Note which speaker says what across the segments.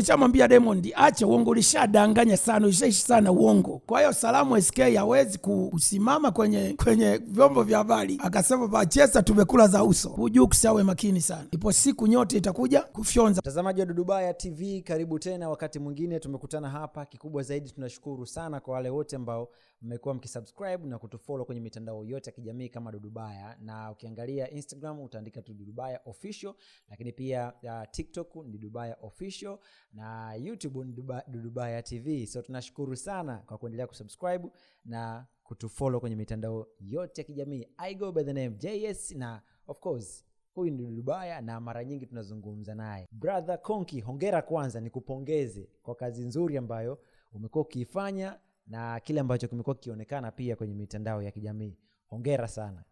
Speaker 1: Nishamwambia Diamond ache uongo, ulishadanganya sana, ulishaishi sana uongo. Kwa hiyo Salamu SK hawezi kusimama kwenye kwenye vyombo vya habari akasema Pachesa tumekula za uso. Hujux awe makini sana, ipo siku nyote itakuja kufyonza.
Speaker 2: Mtazamaji wa Dudubaya TV, karibu tena wakati mwingine, tumekutana hapa. Kikubwa zaidi tunashukuru sana kwa wale wote ambao mmekuwa mkisubscribe na kutufollow kwenye mitandao yote ya kijamii kama Dudubaya, na ukiangalia Instagram utaandika tu Dudubaya official, lakini pia uh, TikTok ni Dudubaya official na YouTube ni Dudubaya TV. So tunashukuru sana kwa kuendelea kusubscribe na kutufollow kwenye mitandao yote ya kijamii. I go by the name JS na of course huyu ni Dudubaya na mara nyingi tunazungumza naye. Brother Konki, hongera kwanza, nikupongeze kwa kazi nzuri ambayo umekuwa ukiifanya na kile ambacho kimekuwa kikionekana pia kwenye mitandao ya kijamii. Hongera sana.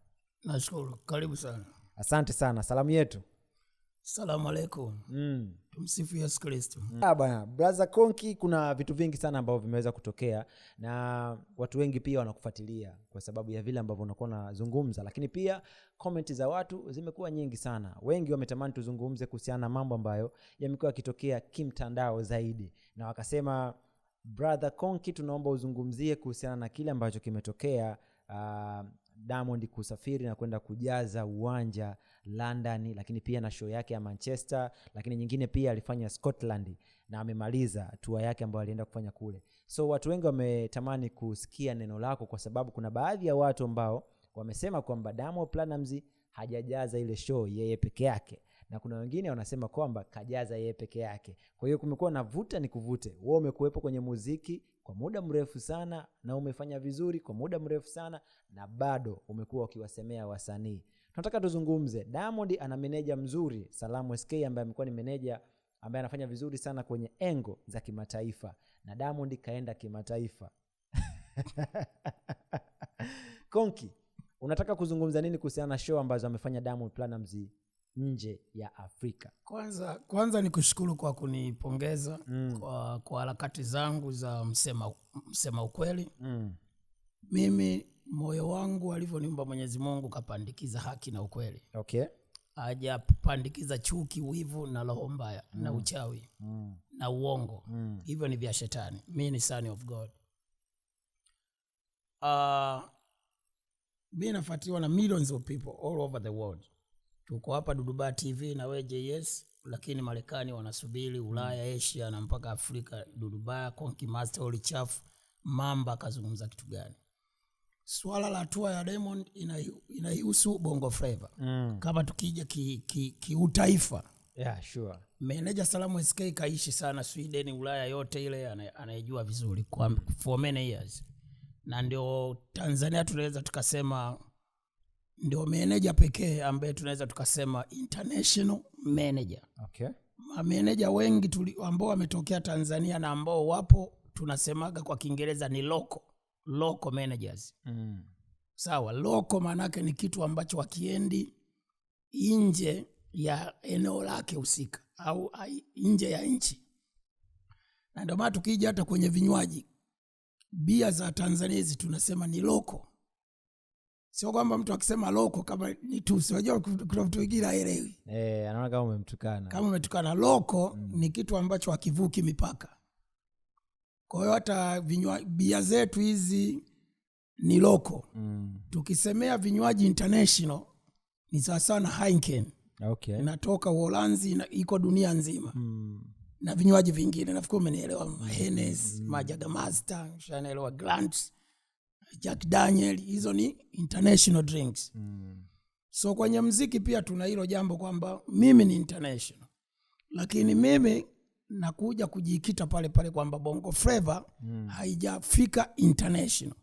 Speaker 3: Nashukuru, karibu sana.
Speaker 2: Asante sana. Salamu yetu,
Speaker 3: salamu aleikum. Mm. Tumsifu Yesu Kristo.
Speaker 2: Mm. Ah, bwana Brother Konki, kuna vitu vingi sana ambavyo vimeweza kutokea na watu wengi pia wanakufuatilia kwa sababu ya vile ambavyo unakuwa unazungumza, lakini pia komenti za watu zimekuwa nyingi sana. Wengi wametamani tuzungumze kuhusiana na mambo ambayo yamekuwa yakitokea kimtandao zaidi, na wakasema Brother Konki, tunaomba uzungumzie kuhusiana na kile ambacho kimetokea uh, Diamond kusafiri na kwenda kujaza uwanja London, lakini pia na show yake ya Manchester, lakini nyingine pia alifanya Scotland na amemaliza tour yake ambayo alienda kufanya kule. So watu wengi wametamani kusikia neno lako, kwa sababu kuna baadhi ya watu ambao wamesema kwamba damo Platnumz hajajaza ile show yeye peke yake, na kuna wengine wanasema kwamba kajaza yeye peke yake. Kwa hiyo kumekuwa na vuta ni kuvute, wewe umekuwepo kwenye muziki kwa muda mrefu sana na umefanya vizuri kwa muda mrefu sana na bado umekuwa ukiwasemea wasanii. Tunataka tuzungumze, Diamond ana meneja mzuri Salamu SK ambaye amekuwa ni meneja ambaye anafanya vizuri sana kwenye engo za kimataifa, na Diamond kaenda kimataifa Konki, unataka kuzungumza nini kuhusiana na show ambazo amefanya Diamond planamzi nje ya Afrika.
Speaker 3: Kwanza, kwanza ni kushukuru kwa kunipongeza mm. kwa, kwa harakati zangu za msema, msema ukweli mm. mimi moyo wangu alivyoniumba Mwenyezi Mungu kapandikiza haki na ukweli okay. Hajapandikiza chuki, wivu na roho mbaya mm. na uchawi mm. na uongo mm. hivyo ni vya shetani. Mi ni son of God. Uh, ah, mi nafuatiliwa na millions of people all over the world tuko hapa Dudubaa TV na wewe JS, lakini Marekani wanasubiri Ulaya, mm. Asia na mpaka Afrika. Dudubaa Konki Master Oli Chafu Mamba akazungumza kitu gani? Swala la hatua ya Diamond inahusu Bongo Flava mm. Kama tukija kiutaifa ki,
Speaker 2: ki yeah, sure.
Speaker 3: Meneja Salamu SK kaishi sana Sweden, Ulaya yote ile anayejua vizuri kwa for many years, na ndio Tanzania tunaweza tukasema ndio meneja pekee ambaye tunaweza tukasema international manager. Okay. Mameneja wengi tuli, ambao wametokea Tanzania na ambao wapo tunasemaga kwa Kiingereza ni local, local managers. Mm. Sawa, local maanaake ni kitu ambacho wakiendi nje ya eneo lake husika au nje ya nchi, na ndio maana tukija hata kwenye vinywaji bia za Tanzania hizi tunasema ni loko sio kwamba mtu akisema loko kama ni tusi unajua kuna mtu wengine aelewi
Speaker 2: hey, eh, anaona kama umemtukana
Speaker 3: kama umetukana loko mm. ni kitu ambacho hakivuki mipaka kwa hiyo hata vinywa bia zetu hizi ni loko mm. tukisemea vinywaji international ni sawasawa na hinken okay. inatoka uholanzi na iko dunia nzima mm. na vinywaji vingine nafikiri umenielewa mm. mahenes mm. majagamaste shanaelewa grants Jack Daniel, hizo ni international drinks mm. So kwenye mziki pia tuna hilo jambo kwamba mimi ni international, lakini mimi nakuja kujikita pale pale kwamba bongo flava mm. haijafika international,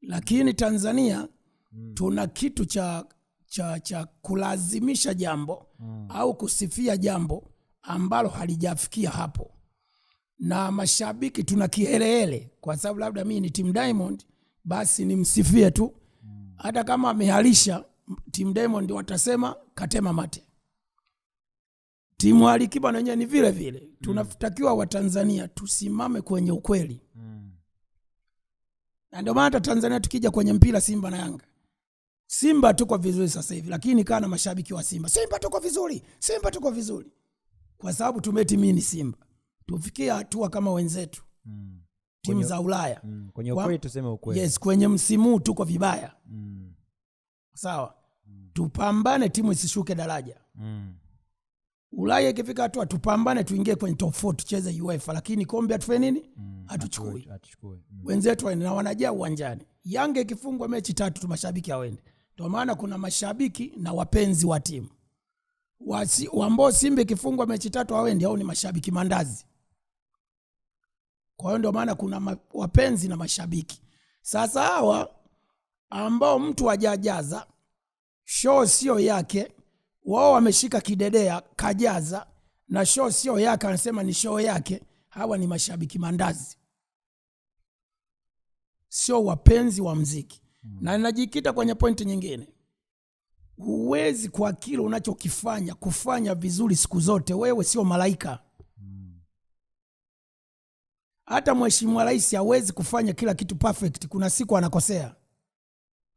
Speaker 3: lakini Tanzania mm. tuna kitu cha, cha, cha kulazimisha jambo mm. au kusifia jambo ambalo halijafikia hapo, na mashabiki tuna kihelehele, kwa sababu labda mii ni tim Diamond basi nimsifie tu, hata kama amehalisha. Timu Diamond watasema katema mate, timu Alikiba nawenyewe ni vile vile. Mm. Tunatakiwa Watanzania tusimame kwenye ukweli, mm. na ndio maana hata Tanzania tukija kwenye mpira, Simba na Yanga Simba tuko vizuri sasa hivi, lakini kaa na mashabiki wa Simba, Simba tuko vizuri, Simba tuko vizuri, kwa sababu tumetimini Simba, tufikie hatua kama wenzetu mm timu za Ulaya mm,
Speaker 2: kwenye ukweli tuseme ukweli.
Speaker 3: Yes, kwenye msimu huu tuko vibaya mm. Sawa mm. Tupambane timu isishuke daraja mm. Ulaya ikifika hatua tupambane, tuingie kwenye top four tucheze UEFA, lakini kombe hatufanye nini? mm. Hatuchukui mm. Wenzetu na wanajaa uwanjani. yange ikifungwa mechi tatu tu mashabiki hawende, ndo maana kuna mashabiki na wapenzi wa timu wambao Simba ikifungwa mechi tatu hawendi au ni mashabiki mandazi kwa hiyo ndio maana kuna wapenzi na mashabiki. Sasa hawa ambao mtu hajajaza show sio yake, wao wameshika kidedea kajaza, na show sio yake, anasema ni show yake. Hawa ni mashabiki mandazi, sio wapenzi wa mziki hmm. Na inajikita kwenye pointi nyingine, huwezi kwa kile unachokifanya kufanya vizuri siku zote. Wewe sio malaika hata mheshimiwa rais hawezi kufanya kila kitu perfect. Kuna siku anakosea,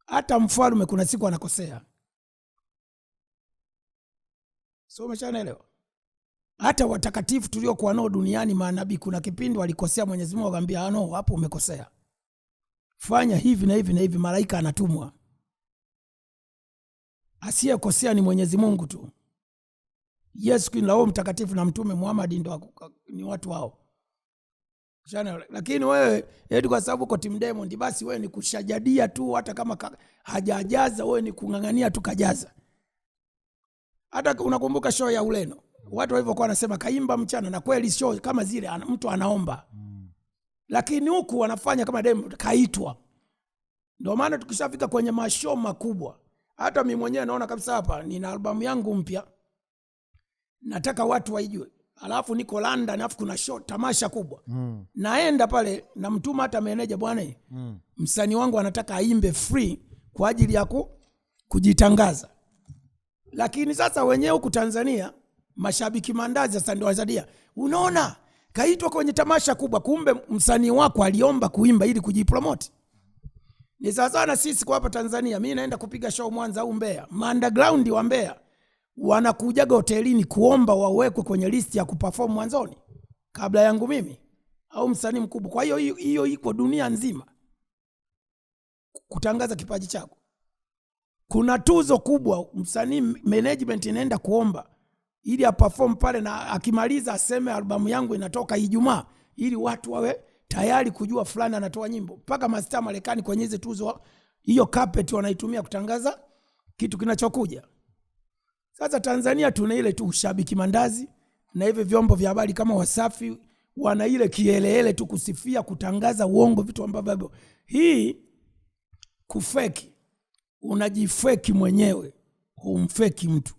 Speaker 3: hata mfalme kuna siku anakosea. So umeshanaelewa? Hata watakatifu tuliokuwa nao duniani, manabii, kuna kipindi walikosea, Mwenyezi Mungu akamwambia ano, ah, hapo umekosea, fanya hivi na hivi na hivi. Malaika anatumwa, asiyekosea ni Mwenyezi Mungu tu. Yesu Kristo, Roho Mtakatifu na Mtume Muhammad ndio ni watu wao Shana, lakini wewe eti yaani kwa sababu uko Team Diamond basi wewe ni kushajadia tu, hata kama hajajaza wewe ni kung'ang'ania tu kajaza. Hata unakumbuka show ya Uleno watu walivyokuwa wanasema kaimba mchana, na kweli show kama zile mtu anaomba mm. Lakini huku wanafanya kama Diamond kaitwa. Ndio maana tukishafika kwenye mashow makubwa, hata mimi mwenyewe naona kabisa hapa nina albamu yangu mpya, nataka watu waijue alafu niko London alafu kuna show tamasha kubwa mm. naenda pale namtuma hata meneja bwana mm. msanii wangu anataka aimbe free kwa ajili ya kujitangaza lakini sasa wenyewe huku Tanzania mashabiki mandazi sasa ndio wazadia unaona kaitwa kwenye tamasha kubwa kumbe msanii wako aliomba kuimba ili kujipromote ni sawasawa sana sisi kwa hapa Tanzania mimi naenda kupiga show Mwanza au Mbeya ma underground wa Mbeya wanakujaga hotelini kuomba wawekwe kwenye listi ya kuperform mwanzoni kabla yangu mimi au msanii mkubwa. Kwa hiyo hiyo iko dunia nzima, kutangaza kipaji chako. Kuna tuzo kubwa msanii management inaenda kuomba ili aperform pale, na akimaliza aseme albamu yangu inatoka Ijumaa, ili watu wawe tayari kujua fulani anatoa nyimbo. Mpaka mastaa Marekani kwenye hizi tuzo, hiyo carpet wanaitumia kutangaza kitu kinachokuja. Sasa Tanzania tuna ile tu ushabiki mandazi, na hivi vyombo vya habari kama Wasafi wana ile kielele tu kusifia, kutangaza uongo, vitu ambavyo hii kufeki, unajifeki mwenyewe, humfeki mtu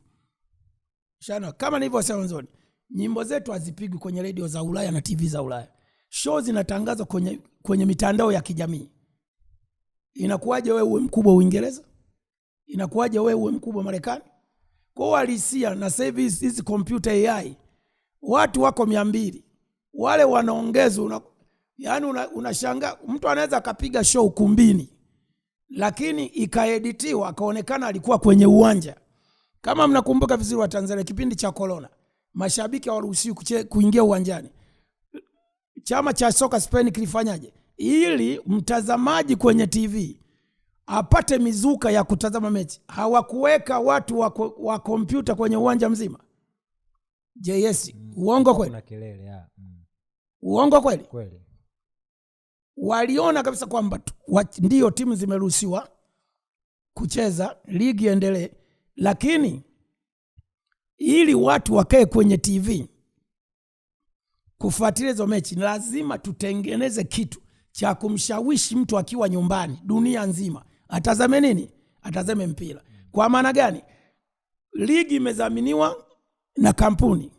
Speaker 3: shana. Kama nilivyosema mwanzoni, nyimbo zetu hazipigwi kwenye redio za Ulaya na TV za Ulaya, show zinatangazwa kwenye, kwenye mitandao ya kijamii. Inakuwaje wewe uwe mkubwa Uingereza? Inakuwaje wewe uwe mkubwa Marekani? kwa uhalisia na sasa hizi kompyuta AI watu wako mia mbili wale wanaongezwa una, yani unashanga una mtu anaweza akapiga show kumbini, lakini ikaeditiwa akaonekana alikuwa kwenye uwanja. Kama mnakumbuka vizuri, wa Tanzania kipindi cha corona, mashabiki hawaruhusiwi kuingia uwanjani. Chama cha soka Spain kilifanyaje? Ili mtazamaji kwenye TV apate mizuka ya kutazama mechi. Hawakuweka watu wa kompyuta kwenye uwanja mzima. Je, yes, mm. uongo kweli? mm. uongo kweli? Kweli. Waliona kabisa kwamba ndio timu zimeruhusiwa kucheza, ligi endelee, lakini ili watu wakae kwenye TV kufuatilia hizo mechi, lazima tutengeneze kitu cha kumshawishi mtu akiwa nyumbani dunia nzima atazame nini? Atazame mpira. Kwa maana gani? Ligi imedhaminiwa na kampuni,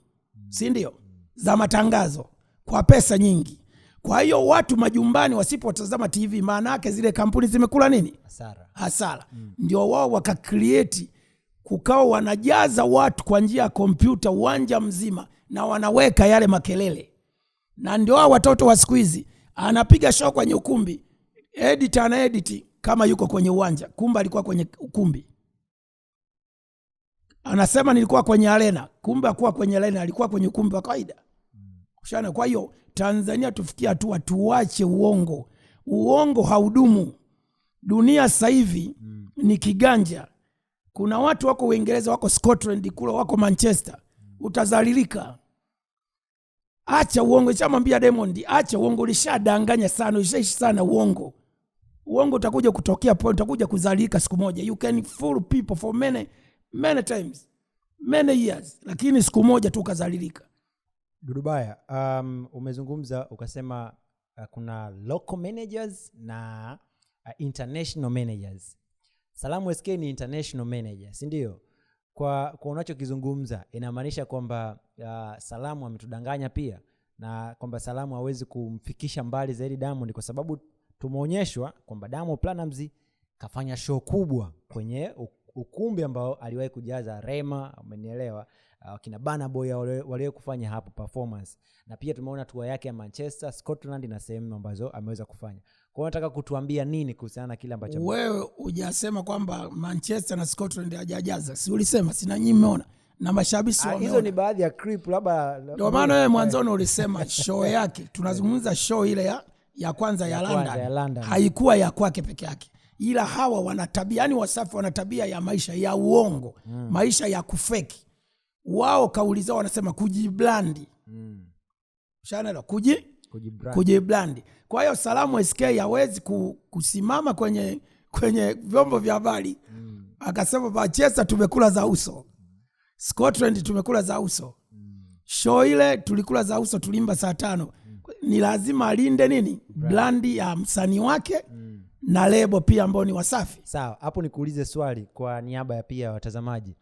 Speaker 3: si ndio, za matangazo kwa pesa nyingi. Kwa hiyo watu majumbani wasipotazama TV, maana yake zile kampuni zimekula nini? Hasara, hasara. Mm. Ndio wao wakakrieti, kukawa wanajaza watu kwa njia ya kompyuta uwanja mzima, na wanaweka yale makelele, na ndio wao watoto wa siku hizi, anapiga show kwenye ukumbi, ana anaediti kama yuko kwenye uwanja, kumbe alikuwa kwenye ukumbi. Anasema nilikuwa kwenye arena, kumbe akuwa kwenye arena, alikuwa kwenye ukumbi wa kawaida. Ushana. Kwa hiyo Tanzania tufikie hatua tuwache uongo. Uongo haudumu. Dunia sasa hivi mm. ni kiganja. Kuna watu wako Uingereza, wako Scotland, kula wako Manchester, utazalilika. Acha uongo, ishamwambia demondi acha uongo, ulishadanganya sana, ulishaishi sana uongo uongo utakuja kutokea point, utakuja kuzalika siku moja. You can fool people for many many times many years, lakini siku moja tu ukazalilika.
Speaker 2: Dudubaya, um, umezungumza ukasema uh, kuna local managers na uh, international managers. Salamu SK ni international manager, si ndio? Kwa, kwa unachokizungumza inamaanisha kwamba uh, Salamu ametudanganya pia na kwamba Salamu hawezi kumfikisha mbali zaidi Diamond kwa sababu tumeonyeshwa kwamba Diamond planams kafanya show kubwa kwenye ukumbi ambao aliwahi kujaza Rema, umenielewa, uh, kina Burna Boy kufanya hapo performance, na pia tumeona tua yake ya Manchester, Scotland na sehemu ambazo ameweza kufanya. Kwa hiyo nataka kutuambia nini kuhusiana na kile ambacho
Speaker 3: wewe hujasema kwamba Manchester na Scotland hajajaza, si ulisema? Sina nyinyi mmeona na mashabiki ah, wameona. Hizo ni
Speaker 2: baadhi ya clip, labda
Speaker 3: ndio maana wewe eh. mwanzoni ulisema show yake, tunazungumza show ile ya ya kwanza ya, ya London, ya London haikuwa ya kwake peke yake, ila hawa wana tabia yani, Wasafi wana tabia ya maisha ya uongo mm. maisha ya kufeki. Wao kauli zao wanasema kujiblandi mm. shana kuji kujiblandi, kuji Kwa hiyo Salamu SK hawezi kusimama kwenye, kwenye vyombo vya habari mm. akasema Manchester tumekula za uso, Scotland tumekula za uso mm. show ile tulikula za uso, tulimba saa tano ni lazima alinde nini brandi ya msanii wake mm. na lebo pia ambao ni Wasafi.
Speaker 2: Sawa, hapo nikuulize swali kwa niaba ya pia watazamaji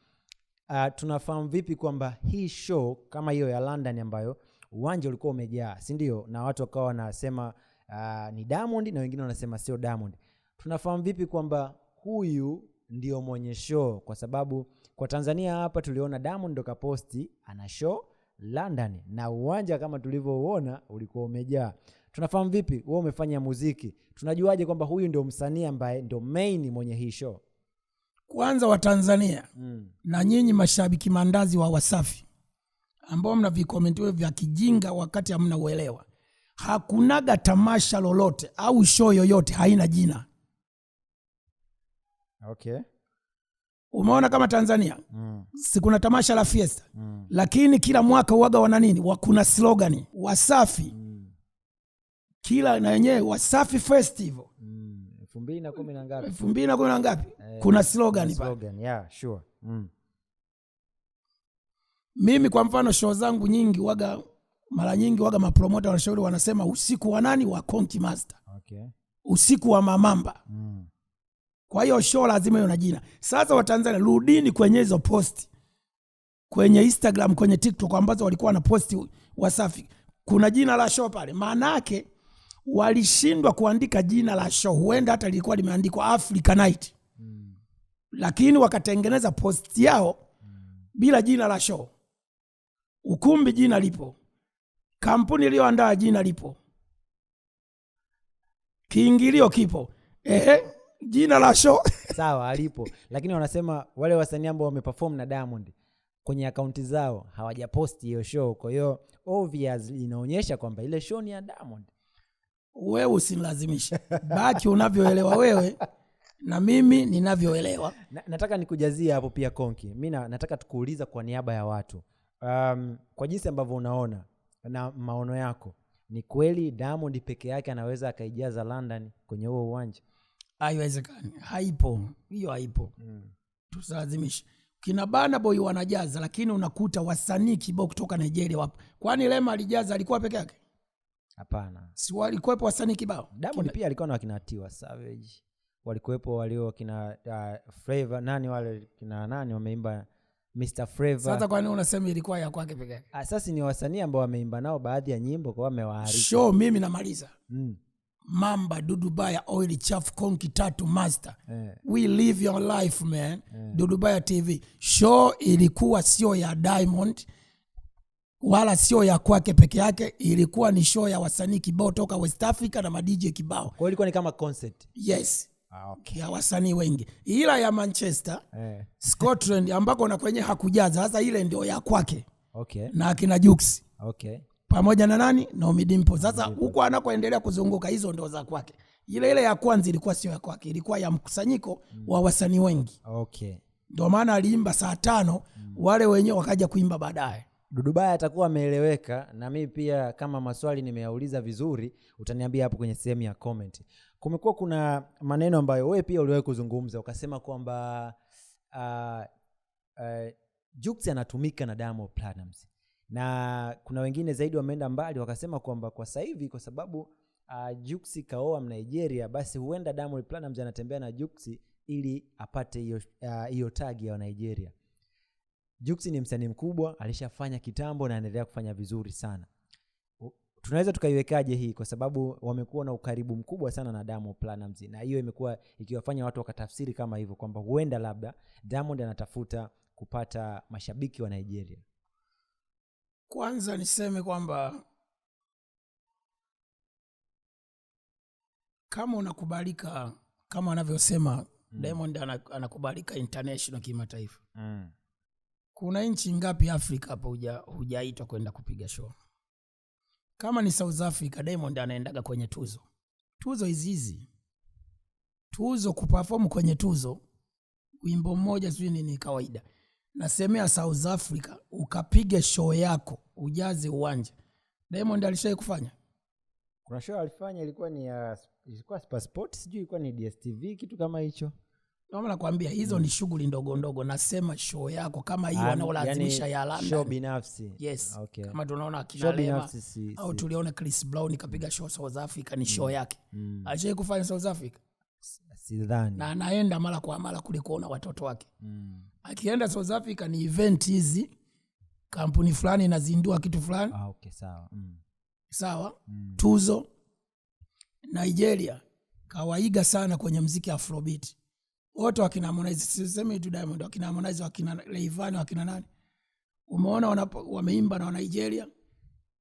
Speaker 2: uh, tunafahamu vipi kwamba hii show kama hiyo ya London ambayo uwanja ulikuwa umejaa, si ndio? Na watu wakawa wanasema uh, ni Diamond na wengine wanasema sio Diamond. Tunafahamu vipi kwamba huyu ndio mwenye show? Kwa sababu kwa Tanzania hapa tuliona Diamond ndo kaposti ana show London na uwanja kama tulivyouona ulikuwa umejaa. Tunafahamu vipi wewe umefanya muziki? Tunajuaje kwamba huyu ndio msanii ambaye ndio main mwenye hii show?
Speaker 3: Kwanza Watanzania mm. na nyinyi mashabiki mandazi wa Wasafi ambao mna vikomenti vya kijinga wakati hamna uelewa, hakunaga tamasha lolote au show yoyote haina jina okay. Umeona kama Tanzania mm. sikuna tamasha la Fiesta mm. lakini kila mwaka uwaga wana nini, kuna slogani Wasafi mm. kila na wenyewe Wasafi Festival mm.
Speaker 2: elfu mbili na kumi na ngapi,
Speaker 3: elfu mbili na kumi na ngapi eh, kuna slogani
Speaker 2: slogan, yeah, sure. mm.
Speaker 3: Mimi kwa mfano show zangu nyingi waga mara nyingi waga mapromota wanashauri wanasema usiku wa nani wa Conti Master okay. usiku wa Mamamba mm. Kwa hiyo show lazima iwe na jina. Sasa Watanzania, rudini kwenye hizo posti kwenye Instagram, kwenye TikTok ambazo walikuwa wanaposti Wasafi, kuna jina la show pale. Maana yake walishindwa kuandika jina la show, huenda hata lilikuwa limeandikwa Africa Night hmm. lakini wakatengeneza posti yao bila jina la show. Ukumbi jina lipo, kampuni iliyoandaa jina lipo, kiingilio kipo, ehe jina la show
Speaker 2: sawa alipo, lakini wanasema wale wasanii ambao wameperform na Diamond kwenye akaunti zao hawajaposti hiyo show. Kwa hiyo obvious inaonyesha kwamba ile show ni ya Diamond.
Speaker 3: Wewe usimlazimisha, baki unavyoelewa wewe na mimi ninavyoelewa.
Speaker 2: Na, nataka nikujazie hapo pia Konki, mi nataka tukuuliza kwa niaba ya watu um, kwa jinsi ambavyo unaona na maono yako, ni kweli Diamond peke yake anaweza akaijaza London kwenye huo uwanja?
Speaker 3: haiwezekani, haipo hiyo, haipo mm. tusilazimishe kina Bana Boy wanajaza, lakini unakuta wasanii kibao kutoka Nigeria wapo. Kwani Lema alijaza alikuwa peke yake? Hapana, si walikuwepo wasanii kibao.
Speaker 2: Diamond pia alikuwa na wakina Tiwa Savage, walikuwepo walio kina uh, Flavor nani wale kina nani wameimba Mr Flavor.
Speaker 3: Sasa kwani unasema ilikuwa ya kwake peke yake?
Speaker 2: Ah, sasa ni wasanii ambao wameimba nao baadhi ya nyimbo kwa wamewaalika.
Speaker 3: Show mimi namaliza mm mamba dudubaya oil chafu konki tatu master yeah. we live your life man yeah. dudubaya tv show ilikuwa sio ya diamond wala sio ya kwake peke yake ilikuwa ni show ya wasanii kibao toka west africa na madj kibao
Speaker 2: ilikuwa ni kama concert yes ah, okay.
Speaker 3: ya wasanii wengi ila ya manchester eh. scotland ambako na kwenye hakujaza sasa ile ndio ya kwake okay. na akina juksi okay pamoja na nani na Omidipo. Sasa huko anakoendelea kuzunguka, hizo ndo za kwake. Ile ile ya kwanza ilikuwa sio ya kwake, ilikuwa ya mkusanyiko mm. wa wasanii wengi okay. Ndo maana aliimba saa tano mm. wale wenyewe wakaja kuimba baadaye.
Speaker 2: Dudubaya atakuwa ameeleweka, na mimi pia kama maswali nimeyauliza vizuri, utaniambia hapo kwenye sehemu ya comment. Kumekuwa kuna maneno ambayo wewe pia uliwahi kuzungumza ukasema kwamba uh, uh, Jux anatumika na Diamond Platnumz na kuna wengine zaidi wameenda mbali wakasema kwamba kwa sasa hivi kwa sababu uh, ah, Juksi kaoa Mnigeria, basi huenda Diamond Platnumz anatembea na Juksi ili apate hiyo ah, hiyo uh, tagi ya Nigeria. Juksi ni msanii mkubwa, alishafanya kitambo na anaendelea kufanya vizuri sana. Tunaweza tukaiwekaje hii? Kwa sababu wamekuwa na ukaribu mkubwa sana na damo planams na hiyo imekuwa ikiwafanya watu wakatafsiri kama hivyo kwamba huenda labda Diamond anatafuta kupata mashabiki wa Nigeria
Speaker 3: kwanza niseme kwamba kama unakubalika kama anavyosema mm. Diamond anakubalika international kimataifa mm. kuna nchi ngapi Afrika hapa hujaitwa kwenda kupiga show? Kama ni South Africa, Diamond anaendaga kwenye tuzo tuzo hizihizi tuzo kupafomu kwenye tuzo, wimbo mmoja sijui ni kawaida nasemea South Africa, ukapige show yako ujaze uwanja. Diamond alishai kufanya
Speaker 2: kuna show alifanya, ilikuwa ni ya ilikuwa passport, sijui ilikuwa ni DSTV kitu kama hicho.
Speaker 3: Naomba nakwambia hizo mm. ni shughuli ndogo ndogo, nasema show yako kama hiyo ah, wanaolazimisha yani ya London, show
Speaker 2: binafsi yes. Ah, okay.
Speaker 3: kama tunaona akina Lema si, au tuliona Chris Brown kapiga mm. show South Africa, ni show mm. yake mm. alishai kufanya South Africa,
Speaker 2: sidhani
Speaker 3: na anaenda mara kwa mara kule kuona watoto wake mm akienda south africa ni event hizi kampuni fulani inazindua kitu fulani
Speaker 2: ah, okay, sawa, mm.
Speaker 3: sawa? Mm. tuzo nigeria kawaiga sana kwenye mziki afrobit wote wakina harmonize sisemi tu diamond wakina harmonize wakina leivani wakina nani umeona wameimba na wanigeria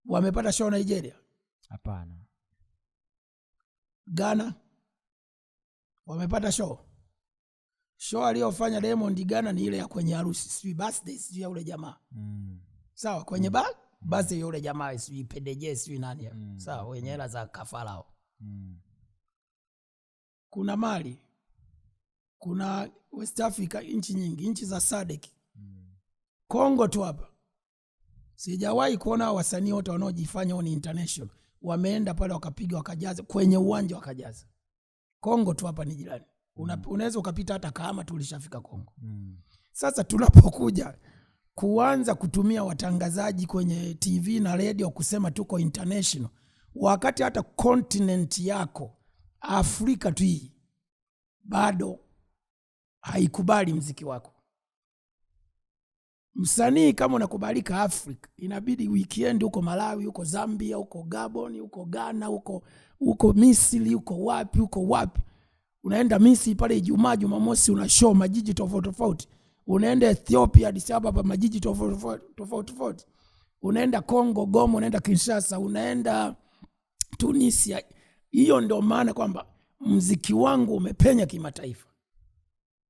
Speaker 3: wamepata show nigeria hapana ghana wamepata show show aliyofanya Diamond Gana ni ile ya kwenye harusi, sijui birthday, sijui ya ule jamaa mm. sawa kwenye mm. ba mm. birthday ya ule jamaa, sijui pendeje, sijui nani mm. sawa, wenye hela za kafarao mm. kuna mali kuna West Africa, nchi nyingi, nchi za SADC mm. Kongo tu hapa sijawahi kuona wasanii wote wanaojifanya ni international wameenda pale wakapiga wakajaza kwenye uwanja wakajaza. Kongo tu hapa ni jirani. Mm. unaweza ukapita hata kama tulishafika Kongo. Mm. Sasa tunapokuja kuanza kutumia watangazaji kwenye TV na redio kusema tuko international, wakati hata continent yako Afrika tu hii bado haikubali mziki wako. Msanii kama unakubalika Afrika, inabidi wikendi huko Malawi, huko Zambia, huko Gabon, huko Ghana, huko huko Misri, huko wapi, huko wapi, unaenda misi pale Ijumaa, Jumamosi una show majiji tofauti tofauti, unaenda Ethiopia, Addis Ababa, majiji tofauti tofauti, unaenda Kongo, Goma, unaenda Kinshasa, unaenda Tunisia. Hiyo ndio maana kwamba mziki wangu umepenya kimataifa.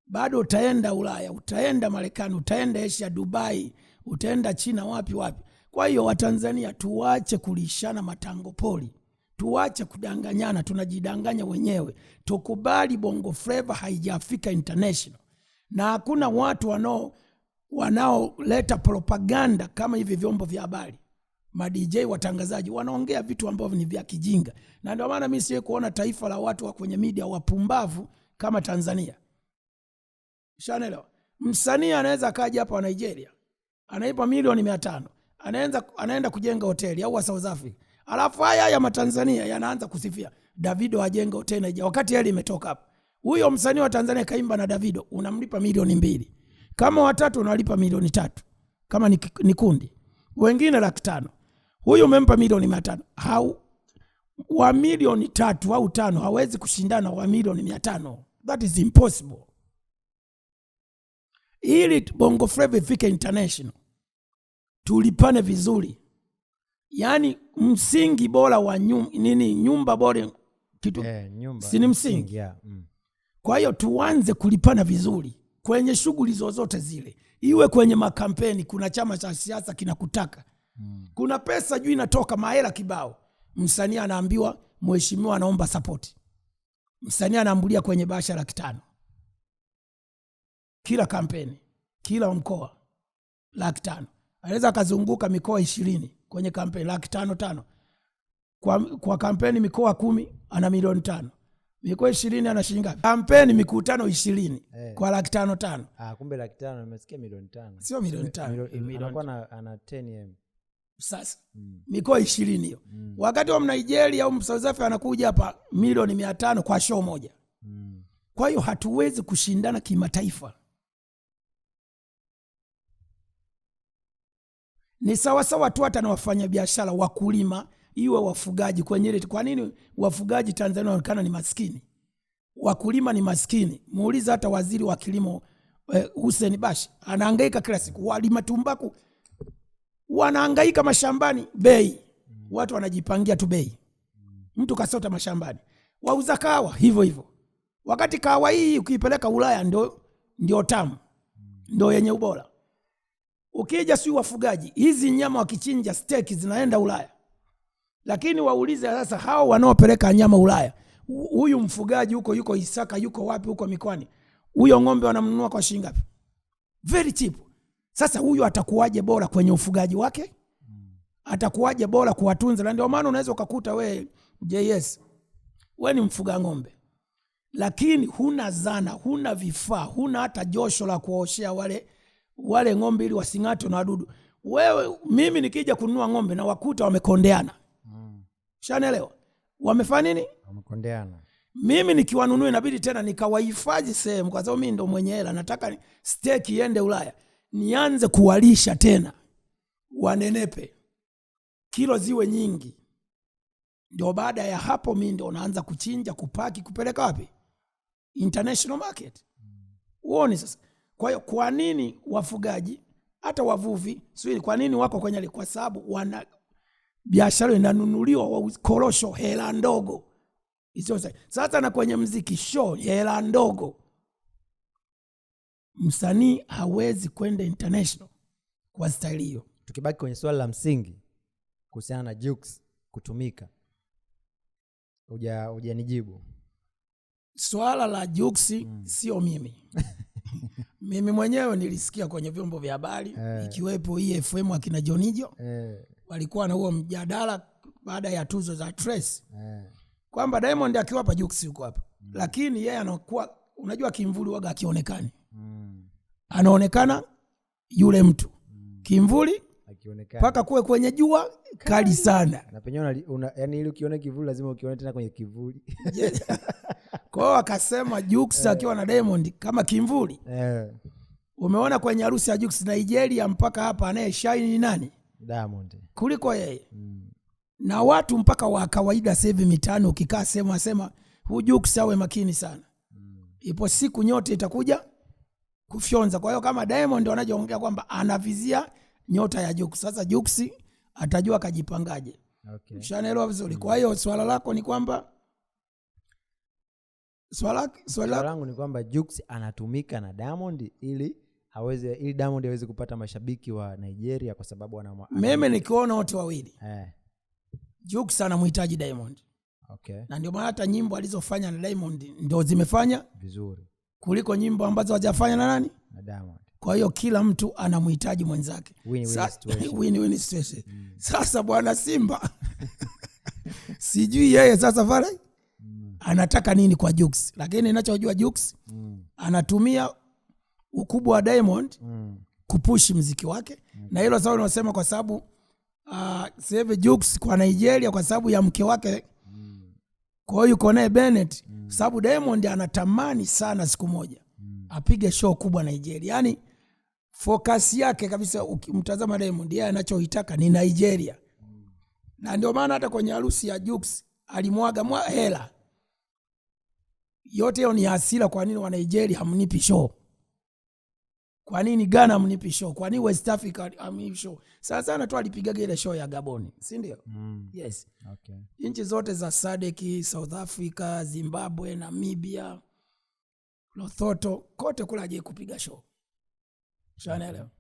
Speaker 3: Bado utaenda Ulaya, utaenda Marekani, utaenda Asia, Dubai, utaenda China, wapi wapi. Kwa hiyo Watanzania tuwache kulishana matango poli tuache kudanganyana, tunajidanganya wenyewe. Tukubali bongo fleva haijafika international, na hakuna watu wanao wanaoleta propaganda kama hivi vyombo vya habari, madj, watangazaji wanaongea vitu ambavyo ni vya kijinga, na ndio maana mimi siwe kuona taifa la watu wa kwenye media wapumbavu kama Tanzania. Shanelewa, msanii anaweza akaja hapa wa Nigeria anaipa milioni mia tano anaenda kujenga hoteli au wa South Africa alafu haya ya matanzania yanaanza kusifia davido ajenge tena ija wakati yeye imetoka hapo. huyo msanii wa tanzania kaimba na davido unamlipa milioni mbili kama watatu unalipa milioni tatu kama ni, ni kundi wengine laki tano huyu umempa milioni mia tano hau wa milioni tatu au tano hawezi kushindana wa milioni mia tano that is impossible ili bongo flava ifike international tulipane vizuri yani msingi bora wa nyum, nini nyumba bora kitu
Speaker 2: eh, nyumba,
Speaker 3: si ni msingi yeah. mm. Kwa hiyo tuanze kulipana vizuri kwenye shughuli zozote zile, iwe kwenye makampeni, kuna chama cha siasa kinakutaka mm. kuna pesa juu inatoka mahela kibao, msanii anaambiwa mheshimiwa anaomba sapoti, msanii anaambulia kwenye basha laki tano kila kampeni, kila mkoa laki tano anaweza akazunguka mikoa ishirini kwenye kampeni laki tano tano kwa, kwa kampeni mikoa kumi ana milioni tano mikoa ishirini ana shilingi ngapi? Kampeni mikutano ishirini hey, eh. kwa laki tano tano.
Speaker 2: Ah, kumbe laki tano nimesikia milioni tano,
Speaker 3: sio milioni tano.
Speaker 2: Anakuwa na ana 10
Speaker 3: sasa mm, mikoa ishirini hiyo mm. Wakati wa Mnigeria au South anakuja hapa milioni mia tano kwa shoo moja mm. Kwa hiyo hatuwezi kushindana kimataifa Ni sawasawa tu hata na biashara wakulima, iwe wafugaji kwenye ile. Kwa nini wafugaji Tanzania wanaonekana ni maskini? Wakulima ni maskini. Muulize hata waziri wa kilimo eh, Hussein Bashi anahangaika kila siku, walima tumbaku wanahangaika mashambani, bei watu wanajipangia tu bei, mtu kasota mashambani. Wauza kawa hivyo hivyo, wakati kawa hii ukiipeleka Ulaya ndio, ndio tamu ndio yenye ubora. Ukija si wafugaji, hizi nyama wakichinja steak zinaenda Ulaya, lakini waulize sasa hao wanaopeleka nyama Ulaya, huyu mfugaji huko yuko Isaka, yuko wapi huko Mikwani? huyo ng'ombe wanamnunua kwa shilingi ngapi? Very cheap. Sasa huyu atakuwaje bora kwenye ufugaji wake? Atakuwaje bora kuwatunza? Na ndio maana unaweza ukakuta we JS, we ni mfuga ng'ombe lakini huna zana, huna vifaa, huna hata josho la kuwaoshea wale wale ng'ombe ili wasing'atwe na wadudu. Wewe mimi nikija kununua ng'ombe na wakuta wamekondeana mm. shanaelewa wamefanya nini?
Speaker 2: Wamekondeana.
Speaker 3: Mimi nikiwanunua inabidi tena nikawahifadhi sehemu, kwa sababu mimi ndo mwenye hela. Nataka steki iende Ulaya, nianze kuwalisha tena wanenepe, kilo ziwe nyingi, ndio baada ya hapo mi ndo naanza kuchinja, kupaki, kupeleka wapi international market. Mm. Uone sasa kwa hiyo kwa nini wafugaji hata wavuvi sijui kwa nini wako kwenye, kwa sababu wana biashara inanunuliwa korosho hela ndogo isiyo sasa. Na kwenye mziki show hela ndogo, msanii hawezi kwenda international kwa staili hiyo.
Speaker 2: Tukibaki kwenye swala la msingi kuhusiana na Jux kutumika, ujanijibu
Speaker 3: swala la Jux. Mm, sio mimi Mimi mwenyewe nilisikia kwenye vyombo vya habari eh, ikiwepo hii e FM akina Jonijo eh, walikuwa na huo mjadala baada ya tuzo za Trace eh, kwamba Diamond akiwa hapa Jux yuko hapa mm, lakini yeye anakuwa unajua, kimvuli waga akionekani mm, anaonekana yule mtu mm, kimvuli mpaka kuwe kwenye jua kali sana,
Speaker 2: na yani, ili ukione kivuli lazima ukione tena kwenye kivuli
Speaker 3: akasema Jux eh. akiwa na Diamond kama kimvuli eh. umeona kwenye harusi ya Jux Nigeria mpaka hapa, anaye shine ni nani? Diamond kuliko yeye mm. na watu mpaka wa kawaida sasa hivi mitaani ukikaa sema sema huyu Jux awe makini sana mm. ipo siku nyote itakuja kufyonza. Kwa hiyo kama Diamond anajiongea kwamba anavizia nyota ya Juksi. Sasa Juksi atajua kajipangaje Okay. shanelewa vizuri. Kwa hiyo swala lako ni kwamba
Speaker 2: swalalangu ni kwamba Juksi anatumika na Diamond ili aweze ili Diamond aweze kupata mashabiki wa Nigeria kwa sababu
Speaker 3: mimi nikiona wote wawili eh. juks anamhitaji Diamond okay. na ndio maana hata nyimbo alizofanya na Diamond ndio zimefanya vizuri kuliko nyimbo ambazo hajafanya na nani na Diamond kwa hiyo kila mtu anamhitaji mwenzake win, win, win Mm. Sasa bwana Simba sijui yeye sasa pale mm. anataka nini kwa Jux, lakini inachojua Jux mm. anatumia ukubwa wa Diamond mm. kupushi mziki wake mm. na hilo sawa linasema kwa sababu uh, ah, sahivi Jux kwa Nigeria kwa sababu ya mke wake mm. kwa hiyo yuko naye Bennett mm. sababu Diamond anatamani sana siku moja mm. apige show kubwa Nigeria. Yaani fokasi yake kabisa, ukimtazama Diamond, yeye anachokitaka ni Nigeria, na ndio maana hata kwenye harusi ya Jux alimwaga mwa hela yote hiyo. Ni hasira, kwa nini wa Nigeria hamnipi show? Kwa nini Ghana hamnipi show? Kwa nini West Africa hamnipi show? Sana sana tu alipigaga ile show ya Gaboni, si ndio? Mm. Yes. Okay. Nchi zote za Sadeki, South Africa, Zimbabwe, Namibia, Lothoto, kote kule aje kupiga show شلون